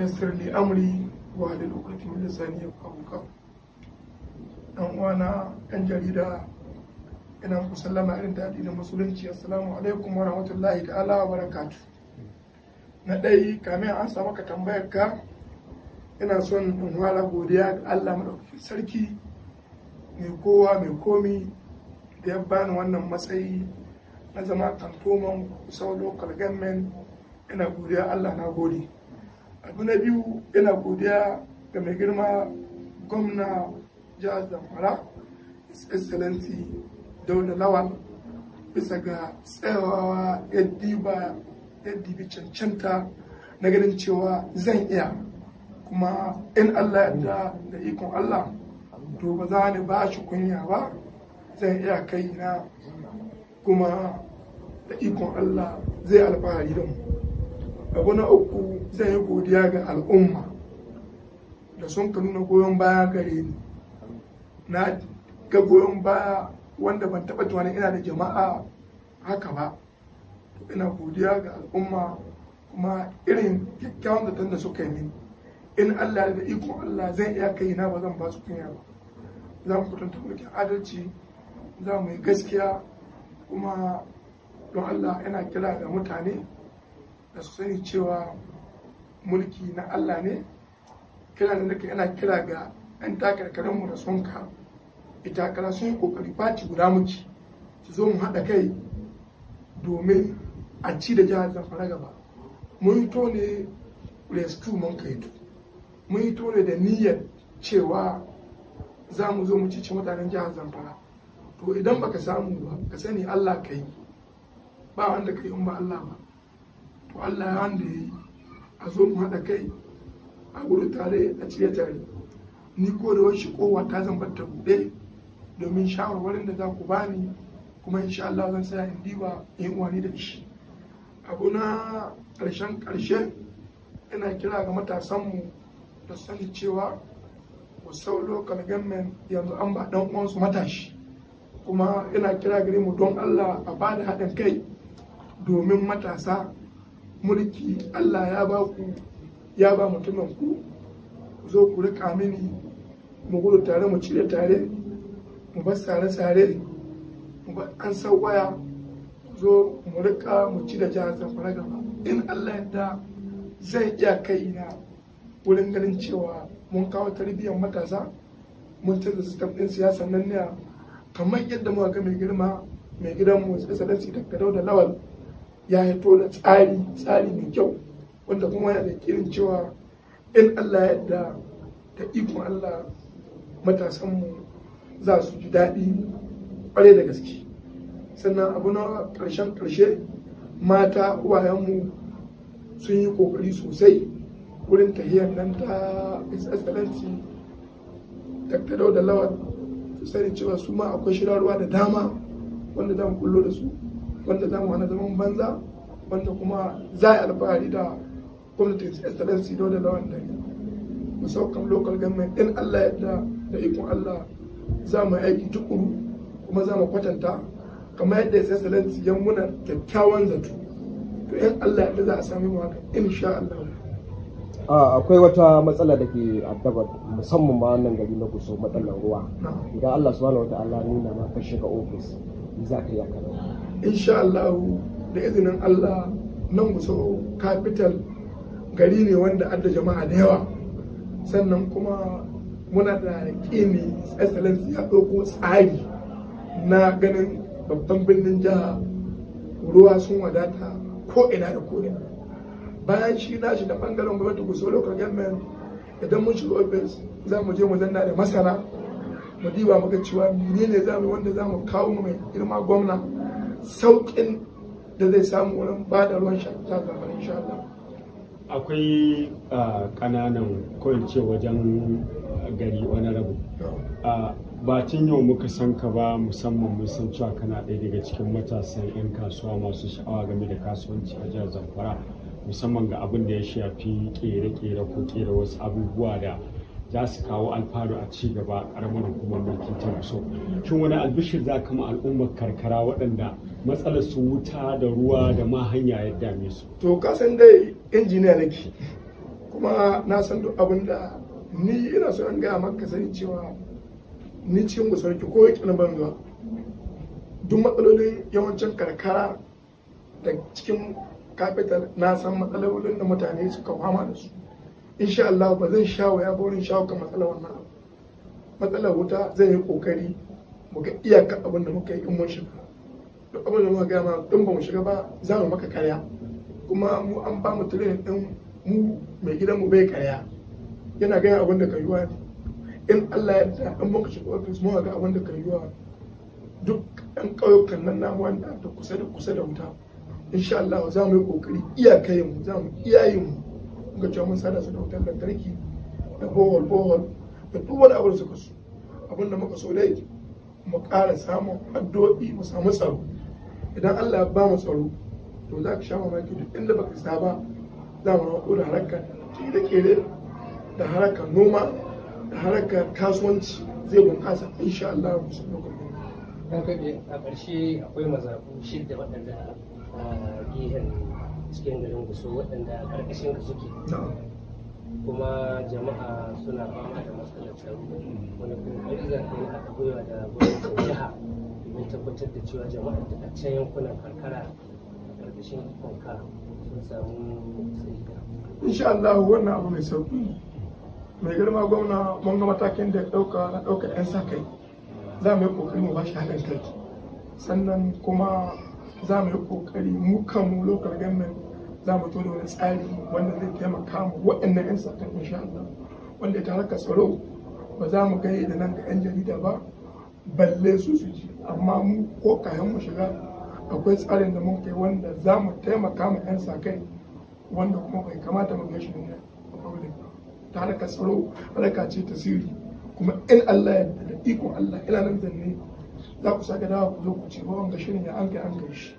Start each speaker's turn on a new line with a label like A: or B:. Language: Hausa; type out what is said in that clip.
A: yassir li amri wa da lokacin da sani ya qawli dan uwana yan jarida ina ku sallama irin ta addinin musulunci assalamu alaikum wa rahmatullahi ta'ala wa barakatu na dai kamin an samu ka tambayar ka ina son in fara godiya ga Allah maɗauki sarki mai kowa mai komi da ya bani wannan matsayi na zama kantoman sau local government ina godiya Allah na gode abu na biyu yana godiya ga mai girma gwamna jihar zamfara excellency daula lawal bisa ga tsayawa yadda bi cancanta na ganin cewa zan iya kuma in allah yadda da ikon allah to ba za ni ba shi kunya ba zan iya kai na kuma da ikon allah zai alfahari da mu abu na uku zan yi godiya ga al'umma da sun ka nuna goyon baya gare ni na ga goyon baya wanda ban taɓa tunanin ina da jama'a haka ba ina godiya ga al'umma kuma irin kyakkyawan tun da suka yi mini in allah da ikon allah zan iya kai na ba zan ba su kunya ba za mu kwatanta mulkin adalci za mu yi gaskiya kuma don allah yana kira ga mutane da su sani cewa mulki na Allah ne kira da nake yana kira ga 'yan mu da sun ka ita kara sun yi kokari faci guda muke su zo mu haɗa kai domin a ci da jihar zamfara gaba mun yi to ne rescue mun kai to mun yi to ne da niyyar cewa za mu zo mu ci mutanen jihar zamfara to idan baka samu ba ka sani allah ka ba wanda ka in ba allah ba ko Allah ya wanda ya yi a zo mu haɗa kai a gudu tare a cire tare ni ko da wasu kowa ta zan ta buɗe domin shawarwarin da za ku ba ni kuma insha Allah zan saya in diba in uwani da shi abu na ƙarshen ƙarshe ina kira ga matasanmu da sani cewa ku sau local government yanzu an ba ɗan uwansu matashi kuma ina kira gare mu don Allah a bada haɗin kai domin matasa mulki Allah ya ba ku ya ba mutumin ku zo ku rika mini mu gudu tare mu cire tare mu bar sare sare mu bar an sauwaya zo mu rika mu cire da jihar zamfara gaba in Allah yadda zai iya kai na wurin ganin cewa mun kawo tarbiyyar matasa mun canza sistem ɗin siyasa nan ne kamar yadda muka ga mai girma mai gidan mu sai sadansi da da lawal ya haifo da tsari tsari mai kyau wanda kuma yana kirin cewa in Allah ya yarda da ikon Allah matasanmu za su ji daɗi ƙwarai da gaske sannan abu na ƙarshen ƙarshe mata uwayenmu sun yi ƙoƙari sosai wurin tahiyar nan ta excellency dr dauda lawan su sani cewa su ma akwai shirarwa da dama wanda zan kullo da su wanda za mu hana zaman banza wanda kuma za a alfahari da gwamnatin excellency Sido da lawan dare musaukan local government in allah yadda da ikon allah za mu aiki tukuru kuma za mu kwatanta kamar yadda ya excellency ya muna kyakkyawan zato to in allah yadda za a sami mu haka insha allah akwai wata matsala da ke addaba musamman ma wannan gari na kusur matsalar ruwa idan allah subhanahu wa ta'ala nuna ma ka shiga ofis za ka yi insha Allah da izinin Allah nan guso capital gari ne wanda adda jama'a da yawa sannan kuma muna da kini excellence ya ɗauko tsari na ganin babban birnin jiha ruwa sun wadata ko ina da ko bayan shi na shi da bangaren gwamnati guso lokacin government idan mun shiga ofis za mu je mu zanna da masana mu diba muka cewa menene za mu wanda za mu kawo mu mai girma gwamna sauƙin da zai samu wurin ba da ruwan sha ta insha Allah akwai ah, ƙananan ko wajen gari wani rabu ah, ba tun yau muka san ka ba musamman mun san cewa kana ɗaya daga cikin matasan 'yan kasuwa masu sha'awa game da kasuwanci a jihar zamfara musamman ga abin da ya shafi ƙere-ƙere ko kera wasu abubuwa da za su kawo alfaru a ci gaba karamar hukumar mulkin so shin wani albishir za kama al'ummar karkara waɗanda matsalar su wuta da ruwa da ma hanya ya dame su to kasan dai injiniya nake kuma na san duk abin da ni ina so in gaya maka sani cewa ni cikin musarki ko yake na banza duk matsalolin yawancin karkara da cikin capital na san matsalolin da mutane suka fama da su insha Allah ba zan sha waya ba wurin shawo kan matsalar wannan abu matsalar wuta zan yi kokari mu ga iyaka abin da muka yi in mun shiga duk abin da muka ga ma din ba mu shiga ba za mu maka karya kuma mu an ba mu tulin din mu mai gidan mu bai karya yana ga abin da kan yiwa in Allah ya yarda in muka shiga office mu ga abin da kan yiwa duk ɗan ƙauyukan nan na wanda da kusa da kusa da wuta insha Allah za mu yi kokari iyakayin mu za mu iyayin mu muka cewa mun sada su da wutar lantarki da bohol bohol da duk wani abu da suka so abinda muka so dai mu ƙara samun addu'o'i mu samu tsaro idan Allah ya ba mu tsaro to za ka sha mamaki duk inda baka sa ba za mu rawa da harkar ciki da kere da harkar noma da harkar kasuwanci zai bunƙasa insha Allah mu shi lokacin dan kabe a ƙarshe akwai mazaku da waɗanda ah, gehen cikin garin guso waɗanda ƙarƙashin ka suke kuma jama'a suna fama da matsalar tsaro wani ƙoƙari za ka na haɗa gwiwa da gwamnatin jiha domin tabbatar da cewa jama'a da ƙarshen yankunan karkara a ƙarƙashin kanka sun samu tsayida. insha Allah wannan abu mai sauƙi mai girma gwamna mun ga matakin da ya ɗauka na ɗauka 'yan sa kai za mu yi ƙoƙari mu ba shi haɗin kai sannan kuma za mu yi kokari mu kanmu local government za mu to da wani tsari wanda zai taimaka mu waɗannan 'yan sakan insha Allah wanda ta harkar tsaro ba za mu kai da nan ga 'yan jarida ba balle su su ji amma mu ko kayan mu shiga akwai tsarin da mun kai wanda za mu taimaka mu 'yan sakai wanda kuma bai kamata mu gashi ne ta harkar tsaro ce tasiri, kuma in Allah ya da iko Allah ina nan zanne za ku sake dawa ku zo ku ce ba wanga shirin ya an kai an kai shi